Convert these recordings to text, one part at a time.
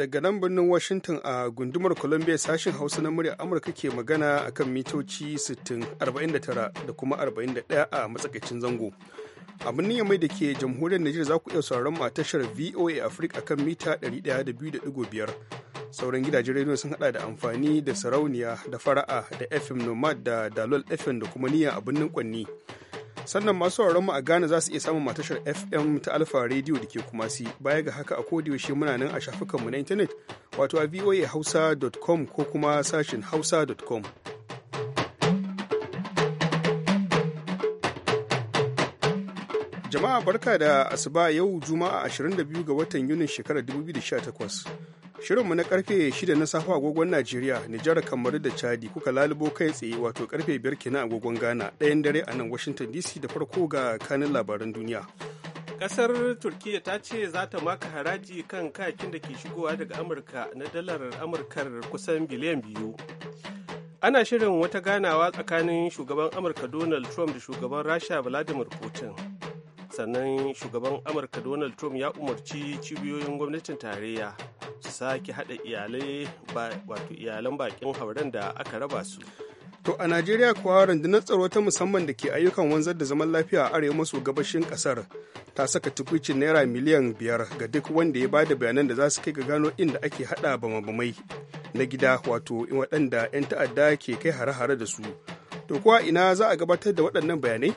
daga nan birnin Washington a gundumar Columbia sashen Hausa na murya Amurka ke magana akan mitoci 60 49 da kuma 41 a matsakaicin zango. A birnin Yamai da ke jamhuriyar Nijar za ku iya sauraron mu a tashar VOA Africa akan mita 102.5. Sauran gidajen rediyo sun hada da amfani da sarauniya da fara'a da FM Nomad da Dalol FM da kuma niyya a birnin Kwanni. sannan masu sauraron mu a Ghana za su iya samun matashar FM ta Alfa Radio da ke kuma si baya ga haka a yaushe muna nan a shafukanmu na intanet wato a voa voahausa.com ko kuma sashin hausa.com. Jama'a barka da asuba yau Juma'a 22 ga watan Yunin shekarar 2018. Shirinmu na karfe 6 na safe agogon Najeriya, Nijar, Kamaru da Chadi kuka lalubo kai tsaye wato karfe 5 kenan agogon Ghana, ɗayan dare a nan Washington DC da farko ga kanin labaran duniya. Kasar Turkiyya ta ce za ta maka haraji kan kayakin da ke shigowa daga Amurka na dalar Amurkar kusan biliyan biyu. Ana shirin wata ganawa tsakanin shugaban Amurka Donald Trump da shugaban Rasha Vladimir Putin. sannan shugaban amurka donald trump ya umarci cibiyoyin gwamnatin tarayya su sake hada iyalai wato iyalan bakin hauren da aka raba su to a najeriya kuwa rundunar tsaro ta musamman da ke ayyukan wanzar da zaman lafiya a arewa maso gabashin kasar ta saka tukwicin naira miliyan biyar ga duk wanda ya bada bayanan da za su kai ga gano inda ake hada bama na gida wato waɗanda 'yan ta'adda ke kai hare-hare da su to kuwa ina za a gabatar da waɗannan bayanai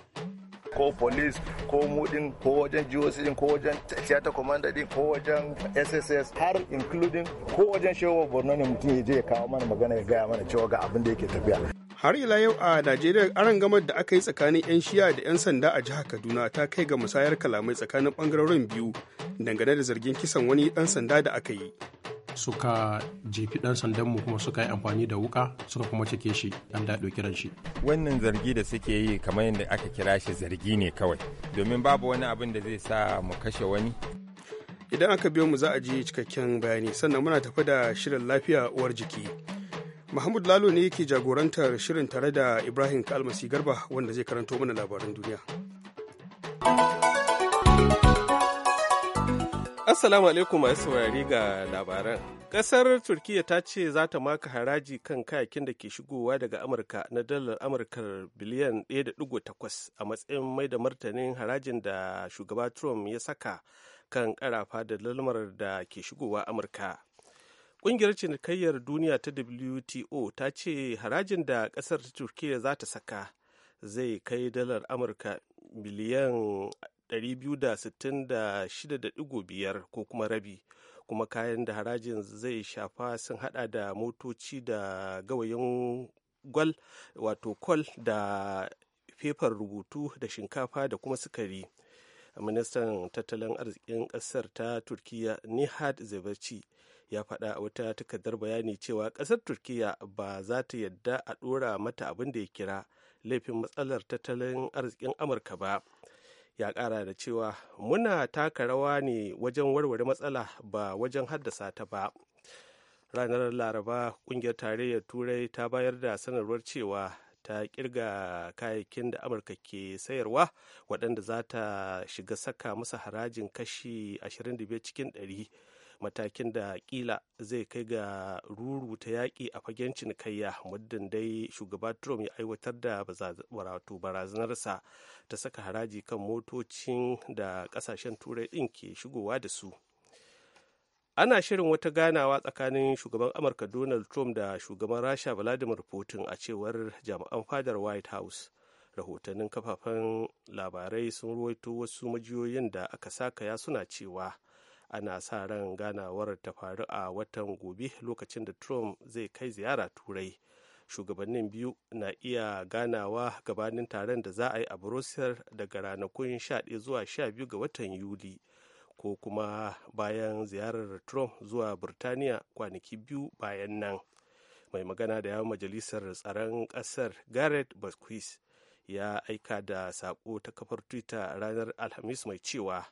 ko police ko mudin ko wajen GOC din ko wajen theater commander din ko wajen SSS har including ko wajen Shehu Borno ne mutum ya je ya kawo mana magana ya gaya mana cewa ga abin da yake tafiya. Har ila yau a Najeriya aron gamar da aka yi tsakanin 'yan shiya da 'yan sanda a jihar Kaduna ta kai ga musayar kalamai tsakanin bangarorin biyu dangane da zargin kisan wani ɗan sanda da aka yi. suka jefi dan sandan mu kuma suka yi amfani da wuka suka kuma cike shi an da kiran shi wannan zargi da suke yi kamar yadda aka kira shi zargi ne kawai domin babu wani abin da zai sa mu kashe wani idan aka biyo mu za a ji cikakken bayani sannan muna tafi da shirin lafiya uwar jiki Mahmud Lalo ne yake jagorantar shirin tare da Ibrahim Kalmasi Garba wanda zai karanto mana labaran duniya. Assalamu alaikum masu saurari ga labaran. ƙasar Turkiyya ta ce za ta maka haraji kan kayakin da ke shigowa daga Amurka na dalar Amurka biliyan 1.8 a matsayin mai da martanin harajin da shugaba Trump ya saka kan karafa da lalmar da ke shigowa Amurka. Ƙungiyar cinikayyar duniya ta WTO ta ce harajin da ƙasar Turkiyya za ta saka zai kai dalar Amurka miliyan 266.5 ko kuma rabi kuma kayan da harajin zai shafa sun hada da motoci da gawayin gwal wato kwal da fefar rubutu da shinkafa da kuma sukari ministan tattalin arzikin kasar ta turkiya nihad zebaci ya faɗa a wata takardar bayani cewa ƙasar turkiya ba za ta yadda a ɗora mata abin da ya kira laifin matsalar tattalin arzikin amurka ba ya kara da cewa muna taka rawa ne wajen warware matsala ba wajen haddasa ta ba ranar laraba kungiyar tarayyar turai ta bayar da sanarwar cewa ta kirga kayayyakin da amurka ke sayarwa waɗanda za ta shiga saka masa harajin kashi 25 cikin 100 matakin da kila zai kai ga ta yaƙi a fagen cinikayya muddin dai shugaba trump ya aiwatar da wato barazanarsa ta saka haraji kan motocin da ƙasashen turai ɗin ke shigowa da su ana shirin wata ganawa tsakanin shugaban amurka donald trump da shugaban rasha vladimir putin a cewar jami'an fadar white house rahotannin kafafen labarai sun ruwaito wasu majiyoyin da aka saka ya suna cewa ana sa ran ganawar ta faru a watan gobe lokacin da trump zai kai ziyara turai shugabannin biyu na iya ganawa gabanin taron da za a yi a brussels daga ranakun 11 zuwa 12 ga watan yuli ko kuma bayan ziyarar trump zuwa birtaniya kwanaki biyu bayan nan mai magana da yawon majalisar tsaron kasar gareth basquis ya aika da sako ta kafar twitter ranar alhamis mai cewa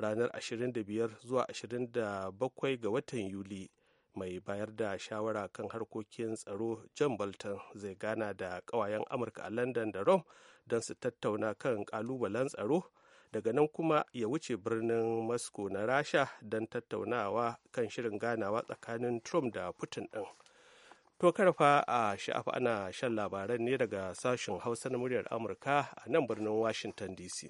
ranar 25 zuwa 27 ga watan yuli mai bayar da shawara kan harkokin tsaro john bolton zai gana da kawayen amurka a london da rome don su tattauna kan kalubalen tsaro daga nan kuma ya wuce birnin moscow na rasha don tattaunawa kan shirin ganawa tsakanin trump da putin din to karfa a sha'afa ana shan labaran ne daga sashen hausa na muryar amurka a nan birnin washington dc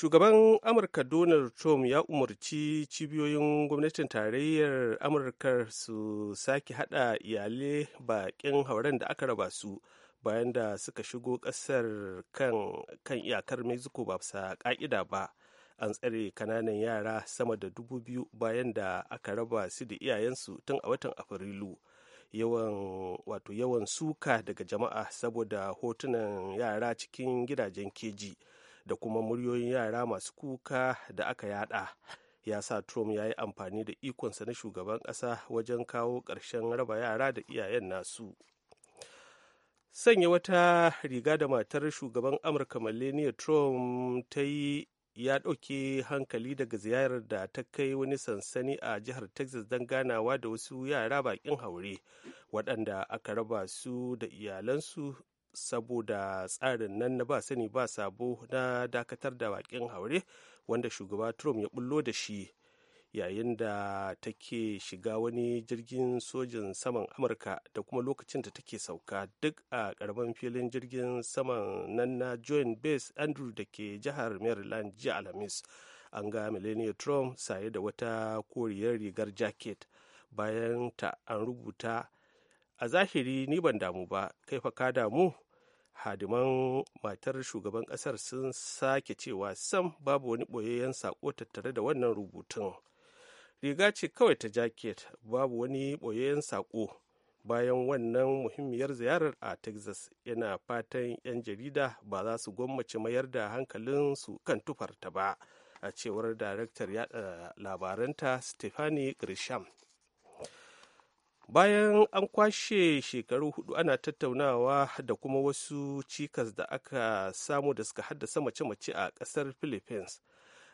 shugaban amurka donald trump ya umarci cibiyoyin gwamnatin tarayyar amurka su sake hada iyalai bakin hauren da aka raba su bayan da suka shigo kasar kan iyakar mexico ba sa ka'ida ba an tsare kananan yara sama da dubu biyu bayan da aka raba su da iyayensu tun a watan afrilu yawan wato yawan suka daga jama'a saboda hotunan yara cikin gidajen keji. da kuma muryoyin yara masu kuka da aka yada ya sa trump ya yi amfani da ikonsa na shugaban ƙasa wajen kawo ƙarshen raba yara da iyayen nasu sanya wata riga da matar shugaban amurka melania trump ta yi ya ɗauke hankali daga ziyarar da ta kai wani sansani a jihar texas don ganawa da wasu yara bakin haure waɗanda aka raba su da iyalansu saboda tsarin nan na ba sani ba sabo na dakatar da bakin haure wanda shugaba trump ya bullo da shi yayin da take shiga wani jirgin sojin saman amurka da kuma lokacin da take sauka duk a karamin filin jirgin saman nan na joint base andrew da ke jihar maryland jiya alhamis an ga melania trump saye da wata koriyar rigar jacket bayan ta an rubuta a zahiri ni ban damu ba kai fa ka damu hadiman matar shugaban kasar sun sake cewa sam babu wani boyayyen sako tattare da wannan rubutun riga ce kawai ta jaket babu wani boyayyen sako bayan wannan muhimmiyar ziyarar a texas yana fatan 'yan jarida ba za su gwammace mayar da hankalinsu kan tufarta ba a cewar daraktar yada labaranta stephanie grisham bayan an kwashe shekaru hudu ana tattaunawa da kuma wasu cikas da aka samu da suka haddasa mace-mace a kasar philippines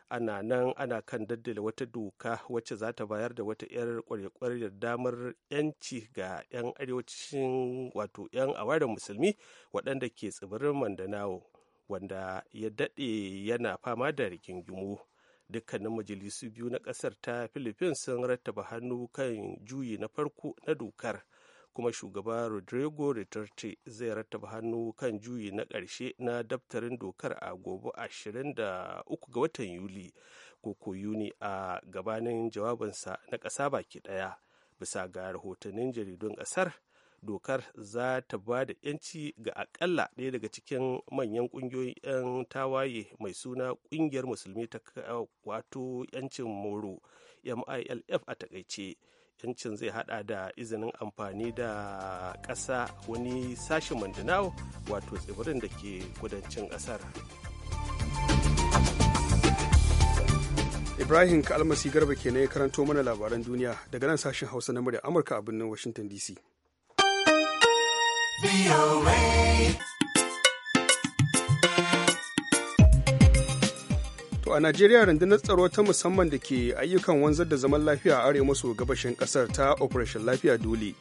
ana nan ana kan daddala wata doka wacce za ta bayar da wata 'yar kwarya damar 'yanci ga 'yan arewacin wato 'yan awarin musulmi waɗanda ke tsibirin mandanao wanda ya daɗe yana fama da rigingimu dukkanin majalisu biyu na kasar ta philippines sun rattaba hannu kan juyi na farko na dokar kuma shugaba rodrigo duterte zai rattaba hannu kan juyi na ƙarshe na daftarin dokar a gobe 23 ga watan yuli koko yuni a gabanin jawabinsa na ƙasa baki ɗaya bisa ga rahotannin jaridun ƙasar dokar za ta ba da 'yanci ga akalla ɗaya daga cikin manyan ƙungiyoyin 'yan tawaye mai suna ƙungiyar musulmi ta wato 'yancin moro milf a takaice yancin zai hada da izinin amfani da ƙasa wani sashen mandanao wato tsibirin da ke kudancin ƙasar ibrahim kalmasi garba ke ya karanto mana labaran duniya daga nan sashen hausa na murya amurka a birnin washington dc To a Najeriya rundunar tsaro ta musamman da ke ayyukan wanzar da zaman lafiya a arewa maso gabashin kasar ta Operation Lafiya Dole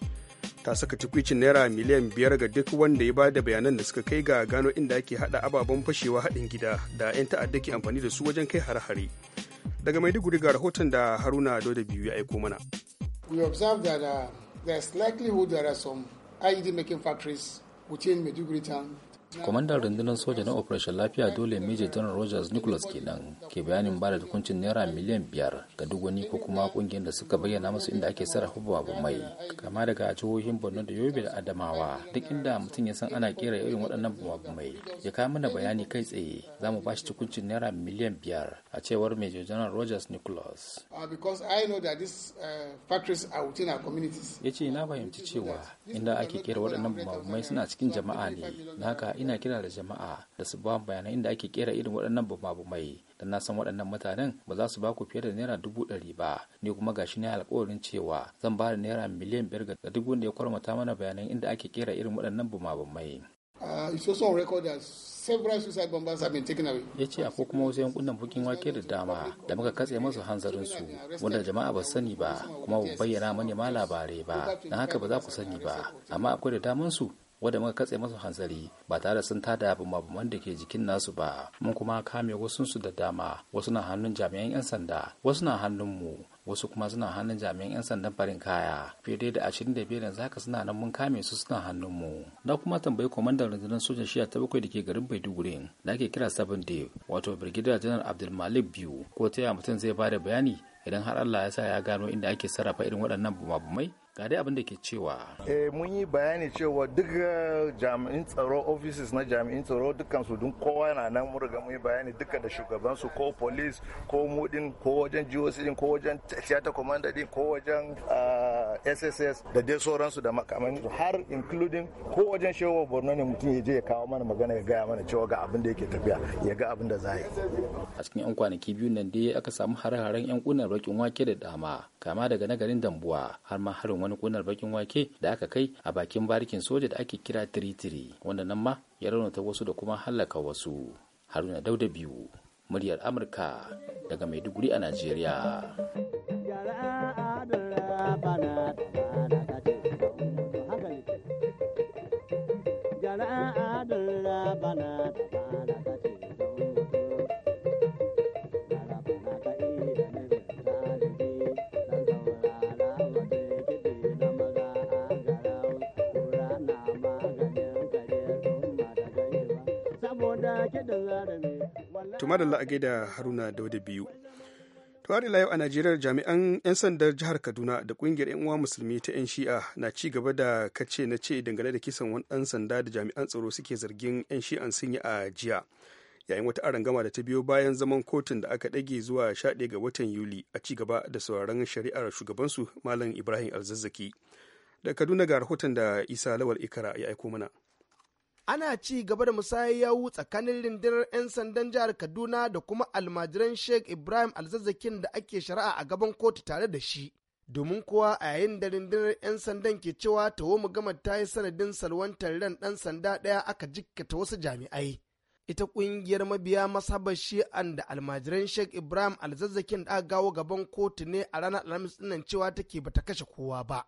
ta saka tukwicin naira miliyan biyar ga duk wanda ya ba da bayanan da suka kai ga gano inda ake hada ababen fashewa haɗin gida da 'yan ta'adda ke amfani da su wajen kai hare-hare. Daga Maiduguri ga rahoton da Haruna Dodo biyu ya aiko mana. We observe that uh, there's likelihood there are some IED making factories within Medjugorje town kwamandan rundunar soja na operation lafiya dole major general rogers nicholas kenan ke bayanin ba da hukuncin naira miliyan biyar ga duk wani ko kuma kungiyar da suka bayyana musu inda ake sarrafa babu mai kama daga jihohin borno da yobe da adamawa duk inda mutum ya san ana kera irin waɗannan babu mai ya kawo mana bayani kai tsaye za mu bashi hukuncin naira miliyan biyar a cewar major general rogers nicholas uh, uh, ya ce na fahimci cewa inda ake kera waɗannan babu mai suna cikin jama'a ne na ka ina kira da jama'a da su ba bayanai inda ake kera irin waɗannan bumabumai da na san waɗannan mutanen ba za su ba ku fiye da naira dubu ɗari ba ni kuma gashi na alƙawarin cewa zan ba da naira miliyan biyar ga duk wanda ya kwarmata mana bayanan inda ake kera irin waɗannan bumabumai. Uh, ya ce akwai kuma wasu yankunan bukin wake da dama da muka katse masu hanzarin su wanda jama'a ba sani ba kuma ba bayyana manema labarai ba na haka ba za ku sani ba amma akwai da daman su wadda muka katse masu hanzari ba tare da sun tada bumabuman da ke jikin nasu ba mun kuma kame wasunsu da dama wasu na hannun jami'an 'yan sanda wasu na hannun mu wasu kuma suna hannun jami'an 'yan sandan farin kaya fiye da ashirin da biyar yanzu haka suna nan mun kame su suna hannun mu na kuma tambayi kwamandan rundunar sojan shiya ta bakwai da ke garin maiduguri da ake kira seven day wato brigadier general abdulmalik biyu ko ta mutum zai bada bayani idan har allah ya sa ya gano inda ake sarrafa irin waɗannan bumabumai ga dai abin da ke cewa eh mun yi bayani cewa duk eh, jami'in tsaro offices na jami'in tsaro dukkan su dun kowa na nan mun riga mun yi bayani duka da shugaban su ko police ko mudin ko wajen GOC din ko wajen Tiata commander din ko wajen SSS eh, da dai sauransu da makaman har including ko wajen shewa Borno ne mutum ya je ya kawo mana magana ya gaya mana cewa ga abin da yake tafiya ya ga abin da za yi a cikin yan kwanaki biyu nan dai aka samu hare-haren yan kunan rokin wake da dama kama daga nagarin Dambuwa har ma harin wani kunar bakin wake da aka kai a bakin barikin soja da ake kira tiritiri wanda nan ma ya raunata wasu da kuma hallaka wasu haruna dauda biyu muryar amurka daga maiduguri a najeriya Bana, madalla a gaida haruna da biyu to har a najeriya jami'an 'yan sandar jihar kaduna da kungiyar 'yan uwa musulmi ta 'yan shi'a na ci gaba da kace na ce dangane da kisan wani dan sanda da jami'an tsaro suke zargin 'yan shi'an sun yi a jiya yayin wata arangama da ta biyo bayan zaman kotun da aka dage zuwa 11 ga watan yuli a ci gaba da sauraron shari'ar shugabansu malam ibrahim alzazzaki da kaduna ga rahoton da isa lawal ikara ya aiko mana ana ci gaba da musayar tsakanin rindirar 'yan sandan jihar kaduna da kuma almajiran sheikh ibrahim alzazzakin da ake shari'a a gaban kotu tare da shi domin kuwa a yayin da rindirar 'yan sandan ke cewa ta mu gama ta yi sanadin salwantar ran ɗan sanda ɗaya aka jikkata wasu jami'ai ita ƙungiyar mabiya masabar shi'an da almajiran sheikh ibrahim alzazzakin da aka gawo gaban kotu ne a ranar alhamis dinnan cewa take bata kashe kowa ba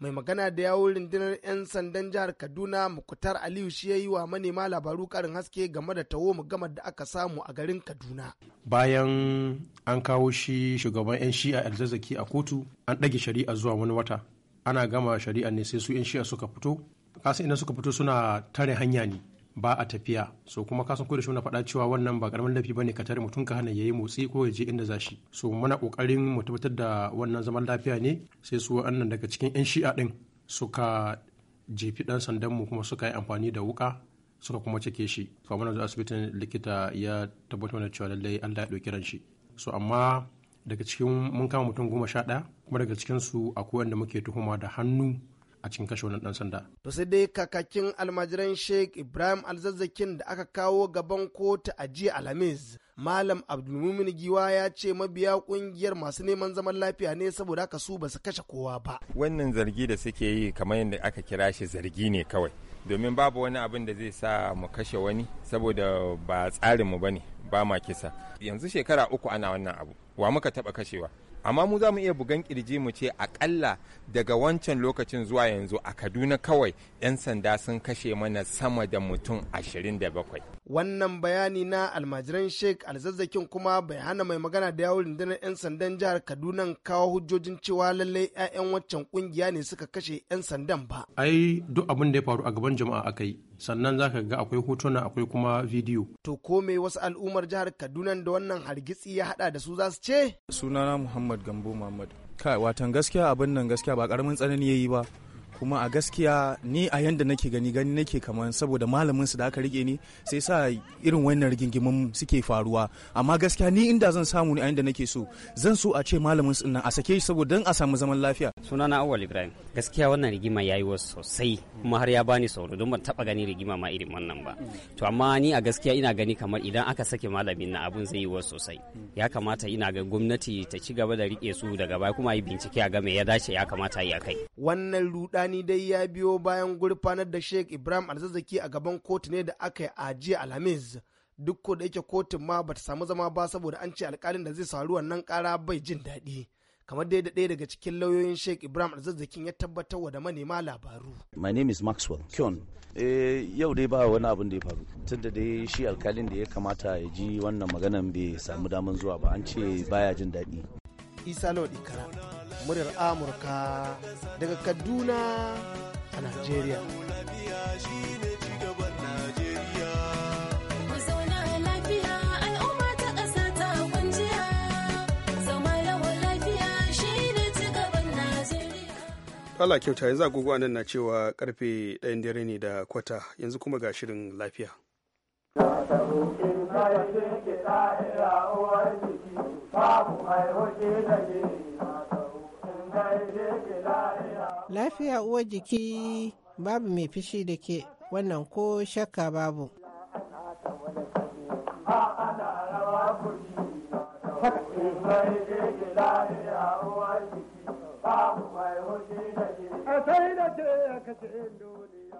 mai magana da yawun rundunar 'yan sandan jihar kaduna mukutar aliyu shi ya yi wa manema labaru karin haske game da tawo gamar da aka samu a garin kaduna bayan an kawo shi shugaban 'yan shi'a alzazzaki a kotu an ɗage shari'a zuwa wani wata ana gama shari'a ne sai su 'yan shi'a suka fito Kasu ina suka fito suna tare hanya ne ba a tafiya so kuma kasan ko da shi muna faɗa cewa wannan ba karamin laifi bane ka tare mutum ka hana yayi motsi ko ya je inda za shi so muna kokarin mu tabbatar da wannan zaman lafiya ne sai su wannan daga cikin yan shi'a din suka jefi dan sandan mu kuma suka yi amfani da wuka suka kuma cike shi to amma zuwa asibitin likita ya tabbatar da cewa lallai Allah ya dauki ran shi so amma daga cikin mun kama mutum goma sha ɗaya kuma daga cikin su akwai wanda muke tuhuma da hannu a cikin kashe wannan dan sanda. To sai dai kakakin almajiran Sheikh Ibrahim Alzazzakin da aka kawo gaban kotu a jiya Alhamis. Malam Abdulmumin Giwa ya ce mabiya kungiyar masu neman zaman lafiya ne saboda haka su basu kashe kowa ba. Wannan zargi da suke yi kamar yadda aka kira shi zargi ne kawai. Domin babu wani abin da zai sa mu kashe wani saboda ba tsarinmu ba ne ba ma kisa. Yanzu shekara uku ana wannan abu. Wa muka taɓa kashewa. amma mu za mu iya bugan kirji mu ce akalla daga wancan lokacin zuwa yanzu a kaduna kawai 'yan sanda sun kashe mana sama da mutum 27 wannan bayani na almajiran sheik alzazzakin kuma bai hana mai magana da yawon rundunar 'yan sandan jihar kaduna kawo hujjojin cewa lallai 'ya'yan waccan kungiya ne suka kashe 'yan sandan ba ai duk abin da ya faru a gaban jama'a akai sannan za ka ga akwai hotuna akwai kuma bidiyo to ko me wasu al'ummar jihar kaduna da wannan hargitsi ya hada da su za su ce sunana muhammad gambo muhammad kai watan gaskiya abin nan gaskiya ba karamin tsanani yayi ba kuma a gaskiya ni a yanda nake gani gani nake kamar saboda malamin su da aka rike ni sai sa irin wannan rigingimin suke faruwa amma gaskiya ni inda zan samu ni a yanda nake so zan so a ce malamin su nan a sake shi saboda dan a samu zaman lafiya sunana awwal ibrahim gaskiya wannan rigima yayi wasu sosai kuma har ya bani sauro don ban taba gani rigima ma irin wannan ba to amma ni a gaskiya ina gani kamar idan aka sake malamin na abun zai yi wasu sosai ya kamata ina ga gwamnati ta ci gaba da rike su daga baya kuma yi bincike a game ya dace ya kamata yi a kai wannan ruda sani dai ya biyo bayan gurfanar da Sheikh Ibrahim Alzazzaki a gaban kotu ne da aka yi ajiye Alhamis. Duk ko da yake kotun ma bata samu zama ba saboda an ce alkalin da zai saru wannan kara bai jin daɗi. kamar dai da ɗaya daga cikin lauyoyin Sheikh Ibrahim Alzazzakin ya tabbatar wa da manema labaru. My name is Maxwell Kyon. Eh, yau dai ba wani abin da ya faru. Tunda dai shi alkalin da ya kamata ya ji wannan maganan bai samu damar zuwa ba an ce baya jin daɗi. Isa Lawal Ikara, muryar amurka daga kaduna a najeriya Allah kyauta yanzu a nan na cewa karfe ɗayan dare ne da kwata yanzu kuma ga shirin lafiya. babu Lafiya uwar jiki babu mai fishi da ke wannan ko shakka babu.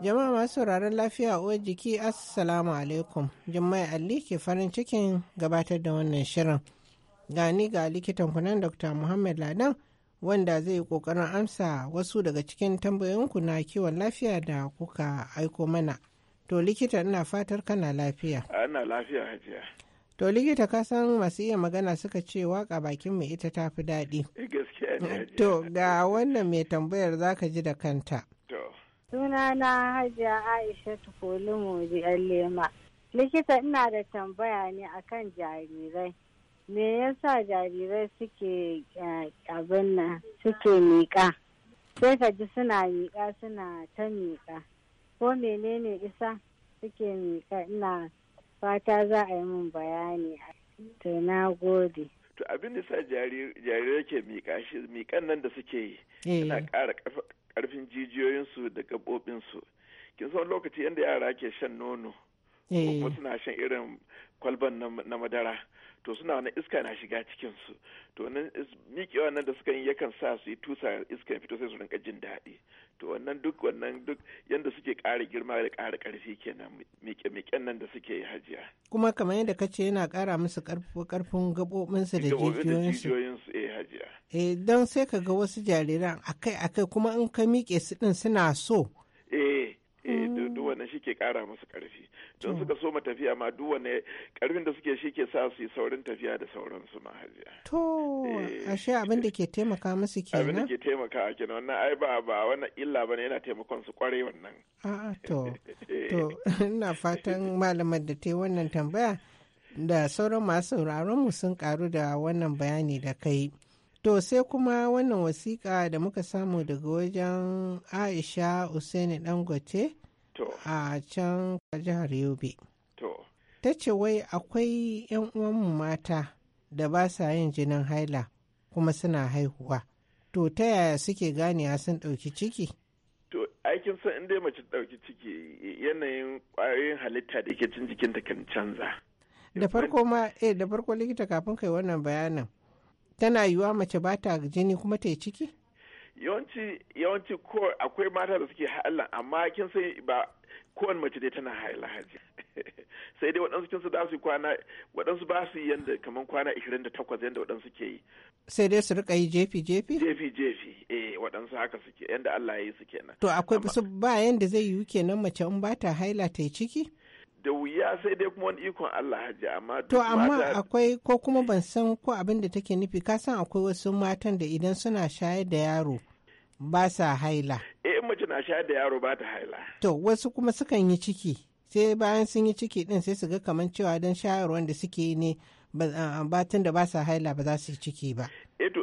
Jama'a masu sauraron lafiya uwar jiki Assalamu alaikum. Jummai Ali ke farin cikin gabatar da wannan shirin. Gani ga likitan kunan Dr. Muhammad Ladan wanda zai yi kokarin amsa wasu daga cikin tambayoyinku na kiwon lafiya da kuka aiko mana to likita ina fatar kana lafiya ana ah, lafiya hajiya to likita ka san masu iya magana suka ce waka bakin mai ita ta fi daɗi eh, to ga wannan mai tambayar zaka ji da kanta suna na hajiya aisha Tukulu moji lema likita ina da tambaya ne akan jarirai me yasa jarirai suke eh, abin nan suke miƙa sai ka ji suna miƙa suna ta miƙa ko menene isa suke miƙa ina fata za a yi min bayani to na gode to abin da sa jarirai ke miƙa shi miƙan nan da suke yi yana eh. ƙara ƙarfin jijiyoyinsu da gaɓoɓinsu kin san lokaci yadda yara ke shan nono Eh. kuma suna shan irin kwalban na madara to suna wani iska na shiga cikin su to wannan miƙewa nan da suka yi yakan sa su yi tusa iska fito sai su rinka jin daɗi to wannan duk wannan duk yanda suke ƙara girma da ƙara ƙarfi kenan miƙe-miƙen nan da suke yi hajiya kuma kamar yadda ka ce yana ƙara musu ƙarfin su da su eh hajiya eh don sai ka ga wasu jariran akai-akai kuma in ka miƙe su ɗin suna so shi ke kara musu karfi don suka so ma tafiya ma duk wani karfin da suke shi ke sa su yi saurin tafiya da sauransu ma hajiya to eh. ashe abin da ke taimaka musu kenan abin da ke taimaka a kenan wannan ai ba ba wannan illa bane yana taimakon su kware wannan a'a to to ina fatan malamar da ta yi wannan tambaya da sauran masu sauraron mu sun karu da wannan bayani da kai to sai kuma wannan wasiƙa da muka samu daga wajen aisha usaini dangote a can jihar yobe ta ce wai akwai 'yan uwanmu mata da ba sa yin jinin haila kuma suna haihuwa to ta yaya suke ganewa sun ɗauki ciki to aikin san inda mace ɗauki ciki yanayin ƙwayoyin halitta da ke cin jikinta kan canza da farko ma eh da farko likita kafin kai wannan bayanin tana yiwuwa mace ba ta jini kuma ta yi ciki yawanci yawanci ko akwai mata da suke haila amma kin sai ba kowane mace dai tana haila haji sai dai waɗansu kin su da su kwana waɗansu ba su yanda kaman kwana 28 yanda waɗansu ke yi sai dai su rika yi jefi jefi jefi jefi eh waɗansu haka suke yanda Allah ya yi su kenan to akwai su ba yanda zai wuke kenan mace in ba ta haila ta yi ciki da wuya sai dai kuma wani ikon Allah hajji amma to amma akwai ko kuma ban san ko abin da take nufi ka san akwai wasu matan da idan suna shayar da yaro ba sa haila eh mace na shayar da yaro ba ta haila to wasu kuma sukan yi ciki sai bayan sun yi ciki din sai su ga kamar cewa dan shayarwar da suke ne batun da ba sa haila ba za su yi ciki ba eh to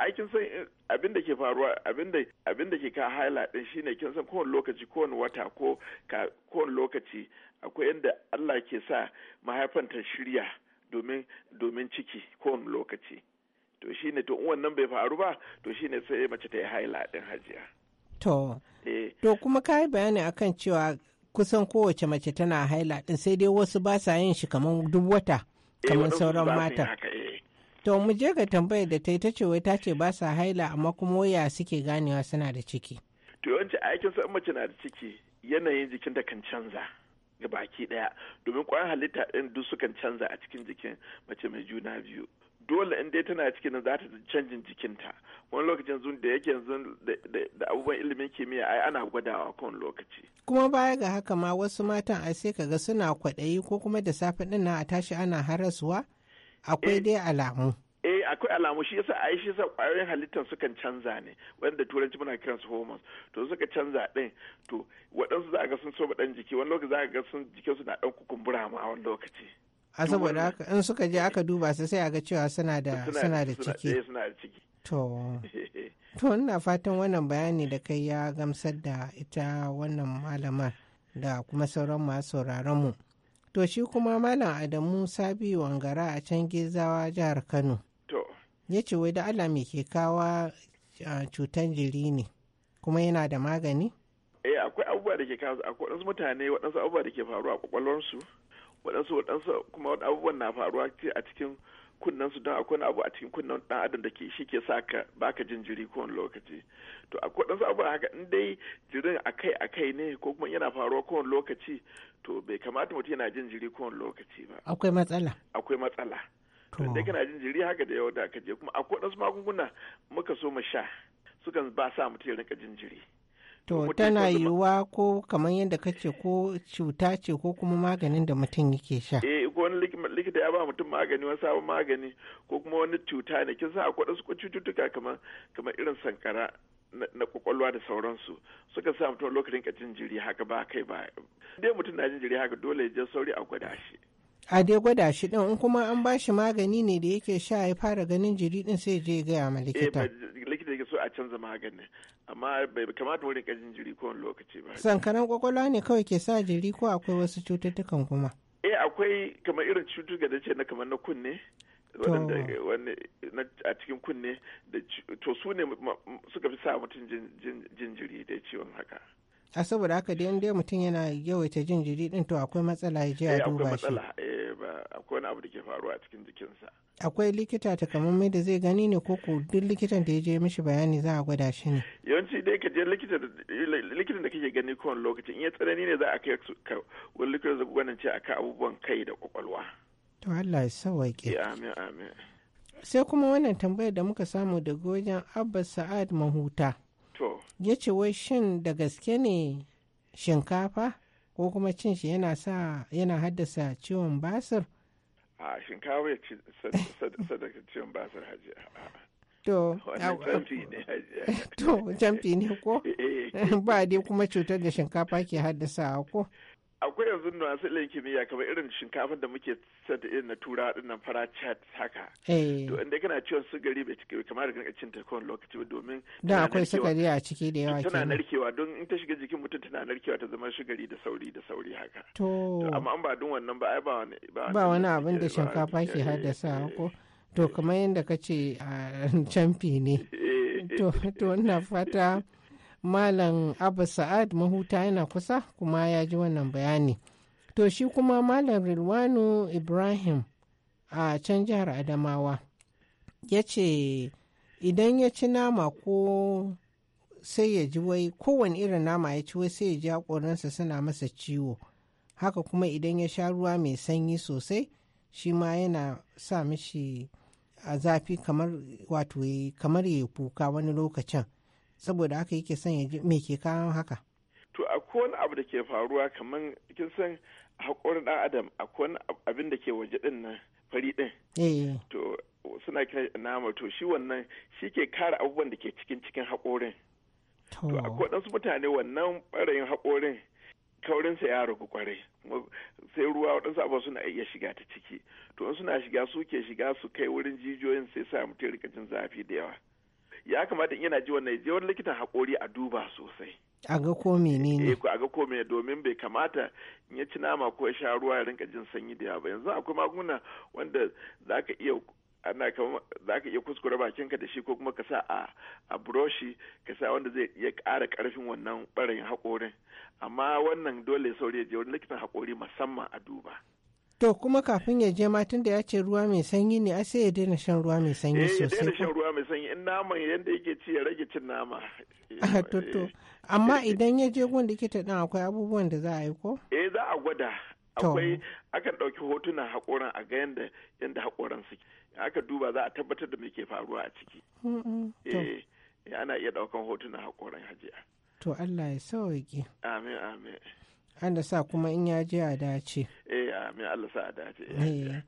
aikin san eh, abin da ke faruwa abin da ke ka haila din shine kin san kowane lokaci kowane wata ko kowane lokaci akwai yadda Allah ke sa mahaifan shirya domin ciki kowane lokaci to shi ne to wannan bai faru ba to shi ne sai mace ta yi haila din hajiya to eh. to kuma kai bayani akan cewa kusan kowace mace tana haila din sai dai wasu ba sa yin shi kamar duk wata eh, kamar sauran mata eh. to mu je ga tambayar da ta yi ta ce wai ta ce ba sa haila amma kuma waya suke ganewa suna da ciki to yawanci aikin sa mace na da ciki yanayin jikinta kan canza ga baki daya domin kwayar halitta din duk sukan canza a cikin jikin mace mai juna biyu dole in dai tana cikin za ta canjin jikinta wani lokacin zun da yake yanzu da abubuwan ilimin kimiyya ai ana gwadawa kowane lokaci kuma baya ga haka ma wasu matan ai sai kaga suna kwaɗayi ko kuma da safe ɗin na a tashi ana harasuwa akwai eh. dai alamu eh akwai alamu shi yasa ai shi yasa ƙwayoyin halittar sukan canza ne wanda turanci muna kiran su hormones to suka canza din to waɗansu za a ga sun so ɗan jiki wani lokaci za a ga sun jikin su na ɗan kukumbura ma a wani lokaci a saboda haka in suka je aka duba su sai a ga cewa suna da suna da ciki eh, suna da ciki to to ina fatan wannan bayani da kai ya gamsar da ita wannan malamar da kuma sauran masu sauraron mu to shi kuma malam Adamu Sabi Wangara a can Gizawa jihar Kano ya ce wai da Allah me ke kawa cutan jiri ne kuma yana da magani? Eh akwai abubuwa da ke kawo akwai waɗansu mutane waɗansu abubuwa da ke faruwa a kwakwalwarsu waɗansu waɗansu kuma wani abubuwan na faruwa a cikin kunnen su don akwai abu a cikin kunnen dan adam da ke shi ke sa ka baka jin jiri ko wani lokaci to akwai waɗansu abubuwa haka in dai jirin akai akai ne ko kuma yana faruwa ko wani lokaci to bai kamata mutum yana jin jiri ko wani lokaci ba akwai matsala akwai matsala to dai kana jin jiri haka da yau da ka je kuma akwai wasu magunguna muka so mu sha sukan ba sa mutum ya rinka jin jiri to tana yiwuwa ko kamar yadda kace ko cuta ce ko kuma maganin da mutum yake sha eh ko wani likita ya ba mutum magani wani sabon magani ko kuma wani cuta ne kin san akwai wasu cututtuka kamar kamar irin sankara na kwakwalwa da sauransu suka sa mutum lokacin ka jin jiri haka ba kai ba dai mutum na jin jiri haka dole ya je sauri a gwada shi a dai gwada shi din in kuma an ba shi magani ne da yake sha ya fara ganin jiri din sai je gaya ma eh, likita likita yake so a canza maganin amma bai kamata wani kajin jiri kowane lokaci ba sankaran kwakwalwa ne kawai ke sa jiri ko akwai wasu cututtukan kuma eh akwai kamar irin cututtuka da ce na kamar na kunne waɗanda a cikin kunne to su ne suka fi sa mutum jin jiri da ciwon haka a saboda haka da inda mutum yana yawaita jin jiri din to akwai matsala ya je a eh, duba shi eh, akwai wani abu da ke faruwa a cikin jikinsa akwai likita takamaimai da zai gani ne ko ko duk likitan da ya je mishi bayani za a gwada shi ne yawanci dai ka je likitan da kake gani kowane lokacin in ya tsanani ne za a kai wani likitan zai gwanin ce akan abubuwan kai da kwakwalwa to Allah ya sauwaƙe amin amin sai kuma wannan tambayar da muka samu daga wajen Abba Sa'ad Mahuta ya ce wai shin da gaske ne shinkafa ko kuma cin shi yana sa yana haddasa ciwon basir a shinkafa ya ci sadaka ciwon basir hajiya To, to jamfi ne ko? Eh, eh. Ba dai kuma cutar da shinkafa ke haddasa ko? akwai yanzu ilin kimiyya kamar irin shinkafar da muke sata irin na tura din nan fara chat haka eh. to inda kana ciwon sukari bai cike kamar da kanka ta kowane lokaci ba domin da akwai sukari a ciki da yawa tana narkewa don in ta shiga jikin mutum tana narkewa ta zama sukari da sauri da sauri haka to amma an ba dun wannan ba ai ba wani ba wani abin da shinkafa ke eh, haddasa eh. ko to kamar yadda ka ce a ah, canfi ne to wannan fata malam abba sa'ad mahuta yana kusa kuma ya ji wannan bayani to shi kuma malam rilwanu ibrahim a can jihar adamawa ya ce idan ya ci nama ko sai ya ji wai kowane irin nama ya ci wai sai ya ji haƙorinsa suna masa ciwo haka kuma idan ya sha ruwa mai sanyi sosai shi ma yana sa mishi a zafi kamar wato kamar ya kuka wani lokacin saboda haka yake son ya me ke kawo haka to akwai wani abu da ke faruwa kamar kin san haƙorin ɗan adam akwai wani abin da ke waje ɗin nan fari ɗin eh. to suna kira nama to shi wannan shi ke kare abubuwan da ke cikin cikin haƙorin to akwai su mutane wannan ɓarayin haƙorin sa ya ragu kwarai sai ruwa waɗansu abu suna iya shiga ta ciki to suna shiga su ke shiga su kai wurin jijiyoyin sai sa mutum rika jin zafi da yawa ya kamata yana ji wannan je wani likitan hakori a duba sosai a ga ko menene eh a ga ko domin bai kamata in ya ci nama ko ya sha ruwa ya rinka jin sanyi da yawa ba yanzu akwai magunguna wanda zaka iya ana kama za ka iya kuskure bakinka da shi ko kuma ka sa a a buroshi ka sa wanda zai iya ƙara ƙarfin wannan barin haƙorin amma wannan dole sauri ya je wani likitan haƙori musamman a duba. To kuma kafin ya je matan da ya ce ruwa mai sanyi ne a sai ya daina shan ruwa mai sanyi eh, sosai. ya daina shan ruwa mai sanyi in naman yadda yake ci ya rage cin nama. Ah, to to amma eh, eh, idan ya je gun likita din akwai abubuwan da za a yi ko? Eh za a gwada akwai akan ɗauki hotunan haƙoran a ga yadda yadda haƙoran suke aka duba za a tabbatar da me ke faruwa a ciki. Eh ana iya ɗaukan hotunan haƙoran hajiya. To Allah ya sauke. Amin amin. da sa kuma in ya je a dace. Eh, amin Allah sa a dace. Eh,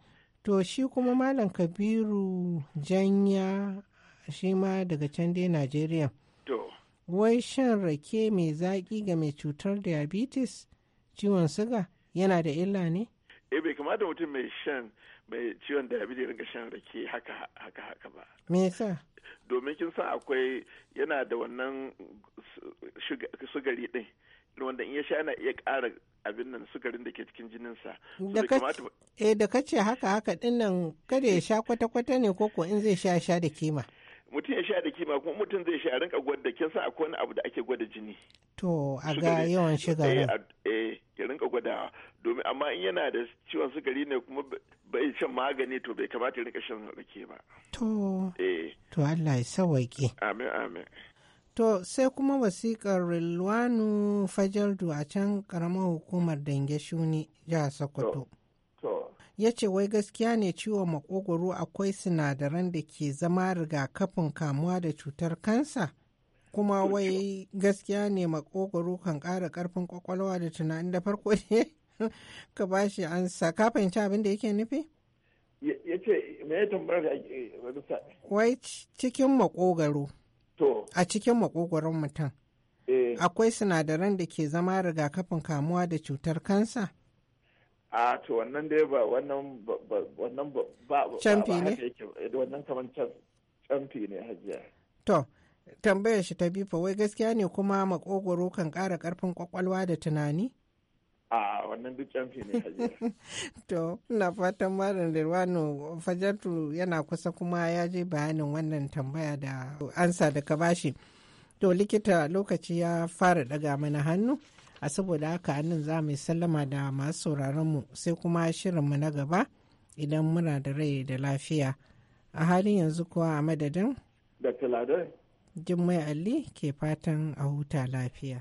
to shi kuma Malam Kabiru Janya shi ma daga can dai Najeriya. To. Wai shan rake mai zaƙi ga mai cutar diabetes ciwon suga yana da illa ne? Eh bai kamata mutum mai shan mai ciwon diabetes ringa shan rake haka haka haka ba. Me yasa? Domin kin san akwai yana da wannan sugari din. wanda in ya sha ana iya ƙara abin nan sukarin da ke cikin jininsa. Eh da kace haka haka dinnan kada ya sha kwata-kwata ne koko in zai sha sha da kima. mutum ya sha da kima kuma mutum zai sha rinka gwada kin san akwai wani abu da ake gwada jini to a ga yawan shigarin eh ya eh, rinka gwadawa domin amma in yana da ciwon sukari ne kuma bai shan magani to bai kamata ya rinka shan rake ba to eh to Allah ya sawaike amin amin To sai kuma wasiƙar Rilwanu Fajardu a can ƙaramar hukumar Dange Shuni jihar Sokoto. Ya ce wai gaskiya ne ciwon makogwaro akwai sinadaran da ke zama rigakafin kamuwa da cutar kansa? Kuma wai gaskiya ne makogwaro kan ƙara ƙarfin kwakwalwa da tunanin da farko ne? ka ba shi an sa ka fahimci abin da yake nufi? Ya ce me ya tambayar da Wai cikin makogwaro. a cikin makogoron mutum. Eh. Akwai sinadaran da ke zama rigakafin kamuwa da cutar kansa? A to wannan dai ba wannan ba wannan ba ba ne? Eh, wannan kamar ne hajiya. To, tambayar shi ta bifa wai gaskiya ne kuma makogoro kan ƙara ƙarfin ƙwaƙwalwa da tunani? a wannan duk camfi ne to ina fatan malam wani. Fajatu yana kusa kuma ya je bayanin wannan tambaya da ansa da ka bashi. To likita lokaci ya fara daga mana hannu. a saboda haka nan za mu sallama da masu mu sai kuma shirin mu na gaba idan muna da rai da lafiya a halin yanzu kuwa a madadin da jimmai ali ke fatan a huta lafiya.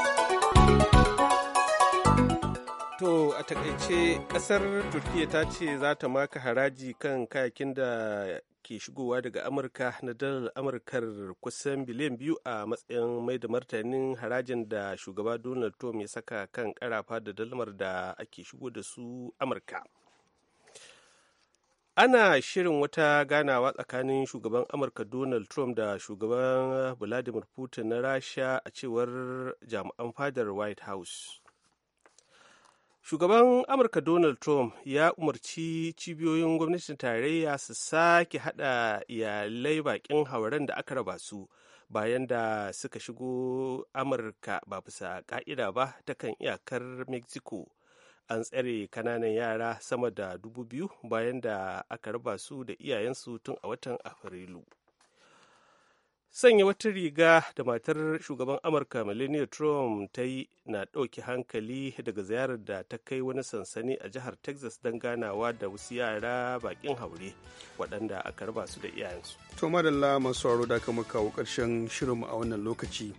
To a takaice kasar Turkiyya ta ce za ta maka haraji kan kayakin da ke shigowa daga Amurka na dalar Amurkar kusan biliyan biyu a matsayin mai da martanin harajin da shugaba Donald Trump ya saka kan karafa da dalmar da ake shigo da su Amurka. ana shirin wata ganawa tsakanin shugaban amurka donald trump da shugaban vladimir putin na rasha a cewar jami'an fadar white house shugaban amurka donald trump ya umarci cibiyoyin gwamnatin tarayya su sake hada iyalai bakin hauren da aka raba su bayan da suka shigo amurka ba bisa ka'ida ba ta kan iyakar mexico an tsare kananan yara sama da dubu biyu bayan da aka raba su da iyayensu tun a watan afrilu sanya wata riga da matar shugaban amurka melania trump ta yi na ɗauki hankali daga ziyarar da ta kai wani sansani a jihar texas don ganawa da wasu yara bakin haure waɗanda aka raba su da iyayensu to madalla masu aro da aka kawo ƙarshen shirinmu a wannan lokaci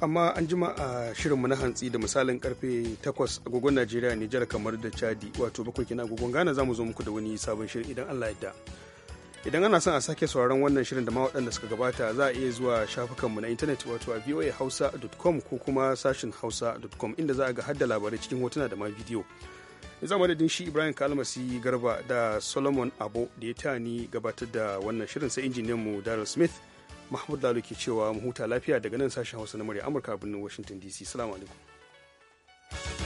amma an jima a shirinmu na hantsi da misalin karfe 8 agogon najeriya nijar kamar da chadi wato bakwai kina agogon ghana za mu zo muku da wani sabon shirin idan allah ya da idan ana son a sake sauraron wannan shirin da ma waɗanda suka gabata za a iya zuwa shafukanmu na intanet wato a hausa.com ko kuma sashin hausa.com inda za a ga hadda labarai cikin hotuna da ma bidiyo yanzu madadin shi ibrahim kalmasi garba da solomon abo da ya ta ni gabatar da wannan shirin sai injiniyan mu daryl smith mahmud lalu ke cewa mu huta lafiya daga nan sashen hausa na murya amurka birnin washington dc salamu alaikum